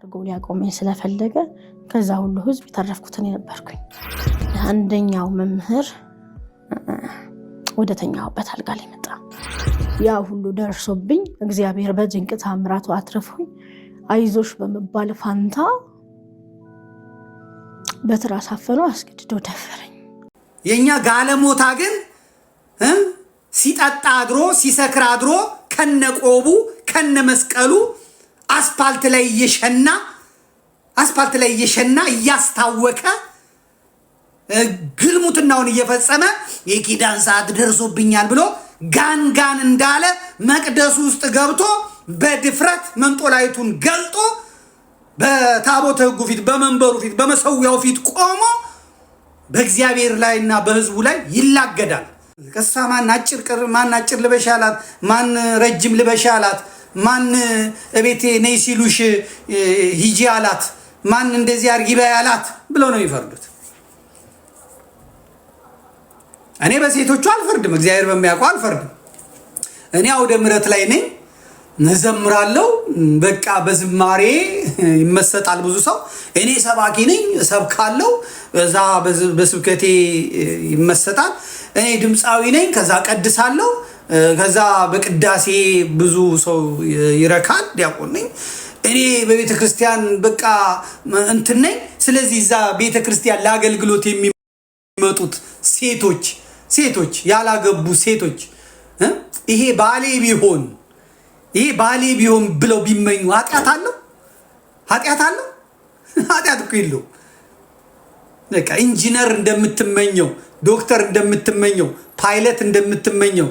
አድርጎ ሊያቆመኝ ስለፈለገ ከዛ ሁሉ ህዝብ የተረፍኩትን የነበርኩኝ። አንደኛው መምህር ወደ ተኛሁበት አልጋ ላይ መጣ። ያ ሁሉ ደርሶብኝ እግዚአብሔር በድንቅ ታምራቱ አትረፉኝ አይዞሽ በመባል ፋንታ በትር አሳፈኖ አስገድዶ ደፈረኝ። የእኛ ጋለሞታ ግን ሲጠጣ አድሮ ሲሰክር አድሮ ከነቆቡ ከነመስቀሉ አስፓልት ላይ እየሸና አስፓልት ላይ እየሸና እያስታወቀ ግልሙትናውን እየፈጸመ የኪዳን ሰዓት ደርሶብኛል ብሎ ጋንጋን እንዳለ መቅደሱ ውስጥ ገብቶ በድፍረት መንጦላይቱን ገልጦ በታቦተ ሕጉ ፊት በመንበሩ ፊት በመሰዊያው ፊት ቆሞ በእግዚአብሔር ላይና በሕዝቡ ላይ ይላገዳል። ከሳ ማን አጭር ቅር ማን አጭር ልበሻላት ማን ረጅም ልበሻ ማን እቤቴ ነይ ሲሉሽ ሂጂ አላት፣ ማን እንደዚህ አርጊ በይ አላት ብለው ነው የሚፈርዱት። እኔ በሴቶቹ አልፈርድም፣ እግዚአብሔር በሚያውቀው አልፈርድም። እኔ አውደ ምረት ላይ ነኝ፣ እዘምራለሁ። በቃ በዝማሬ ይመሰጣል ብዙ ሰው። እኔ ሰባኪ ነኝ፣ እሰብካለሁ፣ በዛ በስብከቴ ይመሰጣል። እኔ ድምፃዊ ነኝ፣ ከዛ ቀድሳለሁ ከዛ በቅዳሴ ብዙ ሰው ይረካል። ዲያቆን ነኝ እኔ በቤተ ክርስቲያን በቃ እንትን ነኝ። ስለዚህ እዛ ቤተ ክርስቲያን ለአገልግሎት የሚመጡት ሴቶች ሴቶች ያላገቡ ሴቶች ይሄ ባሌ ቢሆን ይሄ ባሌ ቢሆን ብለው ቢመኙ ኃጢአት አለው? ኃጢአት አለው? ኃጢአት እኮ የለው በቃ ኢንጂነር እንደምትመኘው፣ ዶክተር እንደምትመኘው፣ ፓይለት እንደምትመኘው፣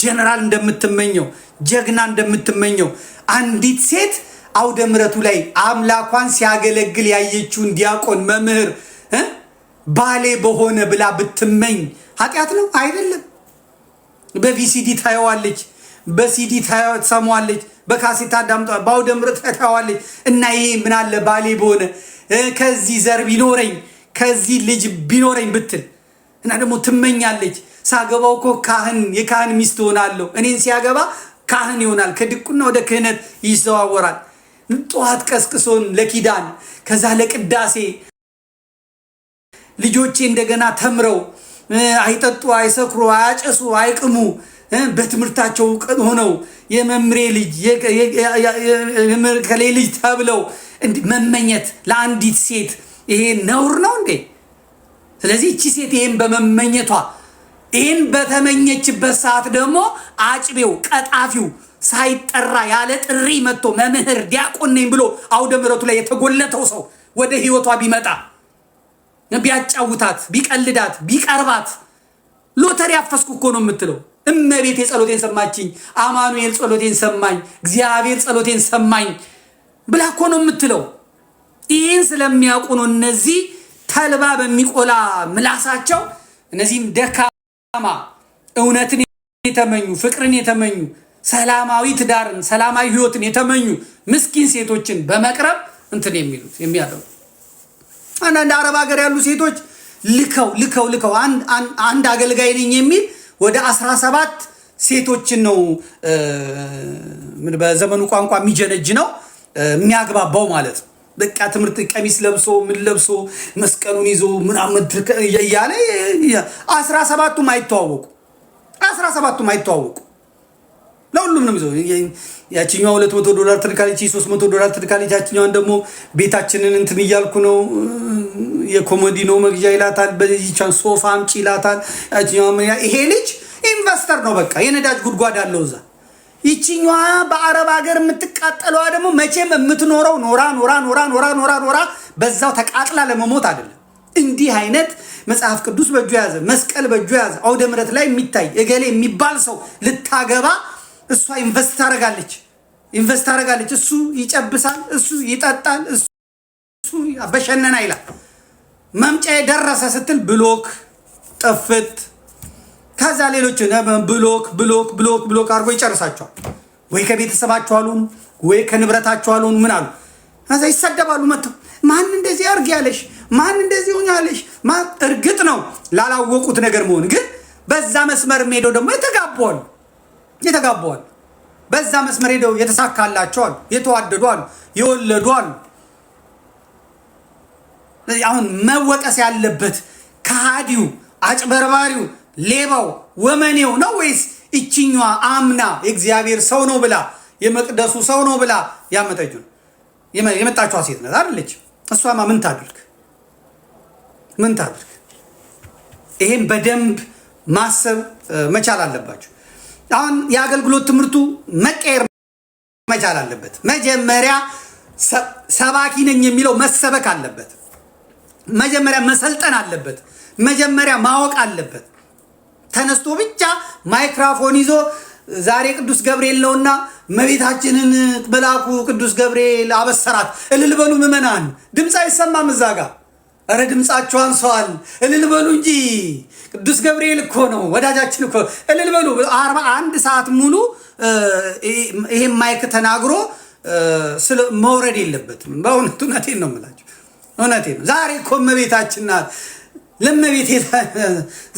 ጀነራል እንደምትመኘው፣ ጀግና እንደምትመኘው አንዲት ሴት አውደ ምረቱ ላይ አምላኳን ሲያገለግል ያየችውን ዲያቆን መምህር ባሌ በሆነ ብላ ብትመኝ ኃጢአት ነው አይደለም? በቪሲዲ ታየዋለች፣ በሲዲ ሰማዋለች በካሴታ ዳምጧ፣ በአውደ ምረቱ ታየዋለች እና ይሄ ምናለ ባሌ በሆነ ከዚህ ዘር ቢኖረኝ ከዚህ ልጅ ቢኖረኝ ብትል እና ደግሞ ትመኛለች። ሳገባው እኮ ካህን የካህን ሚስት እሆናለሁ፣ እኔን ሲያገባ ካህን ይሆናል፣ ከድቁና ወደ ክህነት ይዘዋወራል። ጠዋት ቀስቅሶን ለኪዳን ከዛ ለቅዳሴ ልጆቼ እንደገና ተምረው አይጠጡ፣ አይሰክሩ፣ አያጨሱ፣ አይቅሙ በትምህርታቸው ሆነው የመምሬ ልጅ ከሌ ልጅ ተብለው መመኘት ለአንዲት ሴት ይሄ ነውር ነው እንዴ? ስለዚህ እቺ ሴት ይሄን በመመኘቷ ይህን በተመኘችበት ሰዓት ደግሞ አጭቤው ቀጣፊው ሳይጠራ ያለ ጥሪ መጥቶ መምህር ዲያቆን ነኝ ብሎ አውደ ምረቱ ላይ የተጎለተው ሰው ወደ ህይወቷ ቢመጣ ቢያጫውታት፣ ቢቀልዳት፣ ቢቀርባት ሎተሪ አፈስኩ እኮ ነው የምትለው። እመቤቴ ጸሎቴን ሰማችኝ፣ አማኑኤል ጸሎቴን ሰማኝ፣ እግዚአብሔር ጸሎቴን ሰማኝ ብላ እኮ ነው የምትለው። ይህን ስለሚያውቁ ነው እነዚህ ተልባ በሚቆላ ምላሳቸው እነዚህም ደካማ እውነትን የተመኙ ፍቅርን የተመኙ ሰላማዊ ትዳርን ሰላማዊ ህይወትን የተመኙ ምስኪን ሴቶችን በመቅረብ እንትን የሚሉት የሚያደርጉ አንዳንድ አረብ ሀገር ያሉ ሴቶች ልከው ልከው ልከው አንድ አገልጋይ ነኝ የሚል ወደ አስራ ሰባት ሴቶችን ነው በዘመኑ ቋንቋ የሚጀነጅ ነው። የሚያግባባው ማለት ነው። በቃ ትምህርት ቀሚስ ለብሶ ምን ለብሶ መስቀሉን ይዞ ምናምን እያለ አስራ ሰባቱም አይተዋወቁ አስራ ሰባቱም አይተዋወቁ ለሁሉም ነው ይዘው ያችኛዋ ሁለት መቶ ዶላር ትልካለች፣ ሶስት መቶ ዶላር ትልካለች። ያችኛዋን ደግሞ ቤታችንን እንትን እያልኩ ነው ነው መግዣ ይላታል፣ በዚቻን ሶፋ አምጪ ይላታል። ያችኛዋ ይሄ ልጅ ኢንቨስተር ነው፣ በቃ የነዳጅ ጉድጓድ አለው እዛ ይቺኛዋ በአረብ ሀገር የምትቃጠለዋ ደግሞ መቼም የምትኖረው ኖራ ኖራ ኖራ ኖራ ኖራ ኖራ በዛው ተቃጥላ ለመሞት አይደለም። እንዲህ አይነት መጽሐፍ ቅዱስ በእጁ የያዘ መስቀል በእጁ የያዘ አውደ ምረት ላይ የሚታይ እገሌ የሚባል ሰው ልታገባ እሷ ኢንቨስት ታደርጋለች ኢንቨስት ታደርጋለች። እሱ ይጨብሳል፣ እሱ ይጠጣል፣ እሱ በሸነና ይላል። መምጫ የደረሰ ስትል ብሎክ ጥፍት ከዛ ሌሎች ብሎክ ብሎክ ብሎክ ብሎክ አድርጎ ይጨርሳቸዋል። ወይ ከቤተሰባቸው አሉን፣ ወይ ከንብረታቸው አሉን። ምን አሉ እዛ ይሰደባሉ። መጥተው ማን እንደዚህ አርግ ያለሽ ማን እንደዚህ ሆኝ ያለሽ ማን እርግጥ ነው ላላወቁት ነገር መሆን ግን በዛ መስመር ሄደው ደግሞ የተጋቧል የተጋቧል። በዛ መስመር ሄደው የተሳካላቸዋል፣ የተዋደዷል፣ የወለዷል። አሁን መወቀስ ያለበት ከሃዲው አጭበርባሪው ሌባው ወመኔው ነው ወይስ እችኛ አምና የእግዚአብሔር ሰው ነው ብላ የመቅደሱ ሰው ነው ብላ ያመጠጁ የመጣችኋ ሴት ነት አይደለች? እሷማ ምን ታድርግ? ምን ታድርግ? ይሄን በደንብ ማሰብ መቻል አለባችሁ። አሁን የአገልግሎት ትምህርቱ መቀየር መቻል አለበት። መጀመሪያ ሰባኪ ነኝ የሚለው መሰበክ አለበት። መጀመሪያ መሰልጠን አለበት። መጀመሪያ ማወቅ አለበት። ተነስቶ ብቻ ማይክራፎን ይዞ ዛሬ ቅዱስ ገብርኤል ነውና እመቤታችንን መልአኩ ቅዱስ ገብርኤል አበሰራት። እልል በሉ ምእመናን፣ ድምፅ አይሰማም እዛ ጋር። እረ ድምፃችሁ አንሰዋል። እልል በሉ እንጂ ቅዱስ ገብርኤል እኮ ነው ወዳጃችን እኮ። እልል በሉ። አርባ አንድ ሰዓት ሙሉ ይሄ ማይክ ተናግሮ መውረድ የለበትም። በእውነቱ እውነቴን ነው የምላቸው፣ እውነቴ ነው። ዛሬ እኮ መቤታችን ናት ለመቤት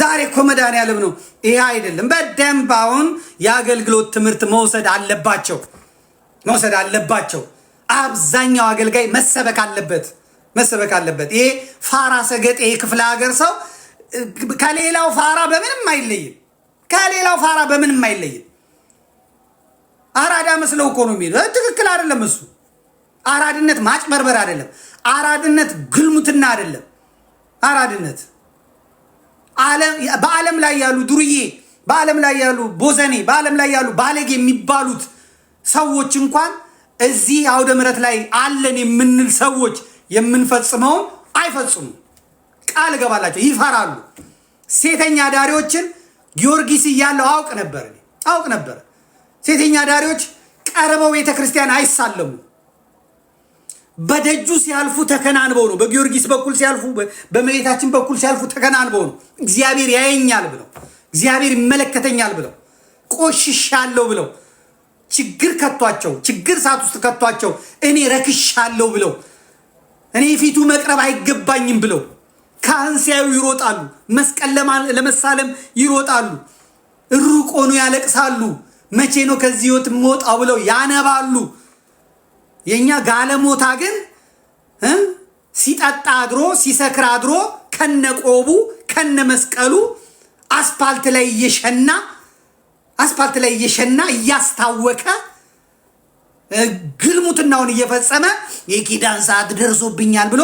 ዛሬ እኮ መድኃኒዓለም ነው። ይሄ አይደለም። በደንብ አሁን የአገልግሎት ትምህርት መውሰድ አለባቸው መውሰድ አለባቸው። አብዛኛው አገልጋይ መሰበክ አለበት መሰበክ አለበት። ይሄ ፋራ ሰገጤ ክፍለ ሀገር ሰው ከሌላው ፋራ በምንም አይለይም። ከሌላው ፋራ በምንም አይለይም። አራዳ መስለው እኮ ነው የሚሄዱ። ትክክል አይደለም። እሱ አራድነት ማጭበርበር አይደለም። አራድነት ግልሙትና አይደለም። አራድነት በዓለም ላይ ያሉ ዱርዬ፣ በዓለም ላይ ያሉ ቦዘኔ፣ በዓለም ላይ ያሉ ባለጌ የሚባሉት ሰዎች እንኳን እዚህ አውደ ምረት ላይ አለን የምንል ሰዎች የምንፈጽመውን አይፈጽሙ። ቃል እገባላቸው፣ ይፈራሉ። ሴተኛ ዳሪዎችን ጊዮርጊስ እያለው አውቅ ነበር፣ አውቅ ነበር። ሴተኛ ዳሪዎች ቀርበው ቤተ ክርስቲያን አይሳለሙም። በደጁ ሲያልፉ ተከናንበው ነው። በጊዮርጊስ በኩል ሲያልፉ፣ በመሬታችን በኩል ሲያልፉ ተከናንበው ነው። እግዚአብሔር ያየኛል ብለው፣ እግዚአብሔር ይመለከተኛል ብለው፣ ቆሽሻለሁ ብለው፣ ችግር ከቷቸው፣ ችግር ሰዓት ውስጥ ከቷቸው፣ እኔ ረክሻለሁ ብለው፣ እኔ ፊቱ መቅረብ አይገባኝም ብለው ካህን ሲያዩ ይሮጣሉ። መስቀል ለመሳለም ይሮጣሉ። ሩቅ ሆኖ ያለቅሳሉ። መቼ ነው ከዚህ ሕይወት የምወጣው ብለው ያነባሉ። የእኛ ጋለሞታ ግን ሲጠጣ አድሮ ሲሰክር አድሮ ከነቆቡ ከነመስቀሉ አስፓልት ላይ እየሸና አስፓልት ላይ እየሸና እያስታወቀ ግልሙትናውን እየፈጸመ የኪዳን ሰዓት ደርሶብኛል ብሎ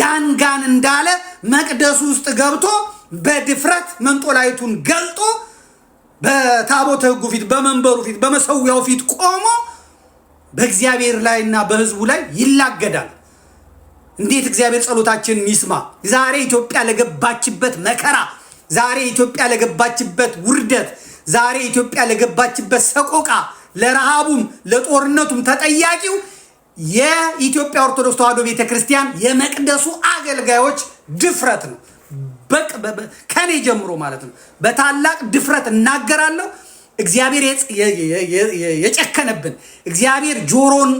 ጋንጋን እንዳለ መቅደሱ ውስጥ ገብቶ በድፍረት መንጦላይቱን ገልጦ በታቦተ ሕጉ ፊት በመንበሩ ፊት በመሰዊያው ፊት ቆሞ በእግዚአብሔር ላይና በህዝቡ ላይ ይላገዳል። እንዴት እግዚአብሔር ጸሎታችንን ይስማ? ዛሬ ኢትዮጵያ ለገባችበት መከራ፣ ዛሬ ኢትዮጵያ ለገባችበት ውርደት፣ ዛሬ ኢትዮጵያ ለገባችበት ሰቆቃ፣ ለረሃቡም ለጦርነቱም ተጠያቂው የኢትዮጵያ ኦርቶዶክስ ተዋሕዶ ቤተ ክርስቲያን የመቅደሱ አገልጋዮች ድፍረት ነው። በቅ ከኔ ጀምሮ ማለት ነው። በታላቅ ድፍረት እናገራለሁ። እግዚአብሔር የጨከነብን፣ እግዚአብሔር ጆሮን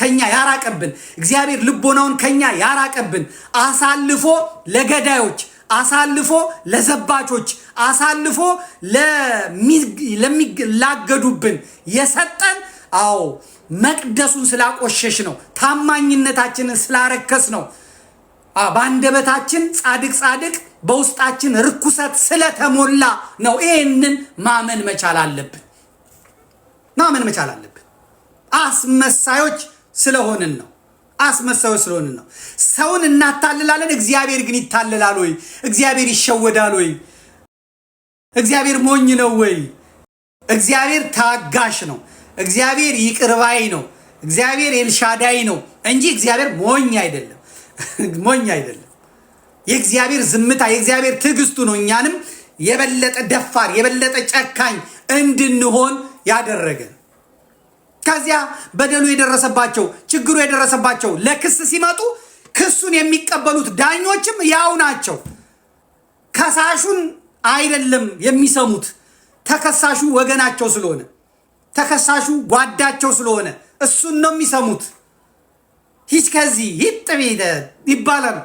ከኛ ያራቀብን፣ እግዚአብሔር ልቦናውን ከኛ ያራቀብን አሳልፎ ለገዳዮች አሳልፎ ለዘባቾች አሳልፎ ለሚላገዱብን የሰጠን አዎ መቅደሱን ስላቆሸሽ ነው። ታማኝነታችንን ስላረከስ ነው። በአንደበታችን ጻድቅ ጻድቅ በውስጣችን ርኩሰት ስለተሞላ ነው። ይህንን ማመን መቻል አለብን። ማመን መቻል አለብን። አስመሳዮች ስለሆንን ነው። አስመሳዮች ስለሆንን ነው። ሰውን እናታልላለን። እግዚአብሔር ግን ይታልላል ወይ? እግዚአብሔር ይሸወዳል ወይ? እግዚአብሔር ሞኝ ነው ወይ? እግዚአብሔር ታጋሽ ነው። እግዚአብሔር ይቅርባይ ነው። እግዚአብሔር ኤልሻዳይ ነው እንጂ እግዚአብሔር ሞኝ አይደለም። ሞኝ አይደለም። የእግዚአብሔር ዝምታ የእግዚአብሔር ትዕግስቱ ነው እኛንም የበለጠ ደፋር የበለጠ ጨካኝ እንድንሆን ያደረገን። ከዚያ በደሉ የደረሰባቸው ችግሩ የደረሰባቸው ለክስ ሲመጡ ክሱን የሚቀበሉት ዳኞችም ያው ናቸው። ከሳሹን አይደለም የሚሰሙት ተከሳሹ ወገናቸው ስለሆነ ተከሳሹ ጓዳቸው ስለሆነ እሱን ነው የሚሰሙት። ሂች ከዚህ ይጥብ ይባላል።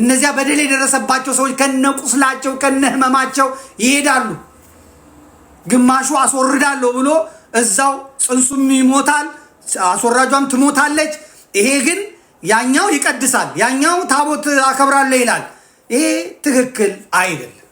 እነዚያ በደል የደረሰባቸው ሰዎች ከነ ቁስላቸው ከነ ህመማቸው ይሄዳሉ። ግማሹ አስወርዳለሁ ብሎ እዛው ጽንሱም ይሞታል፣ አስወራጇም ትሞታለች። ይሄ ግን ያኛው ይቀድሳል፣ ያኛው ታቦት አከብራለሁ ይላል። ይሄ ትክክል አይደለም።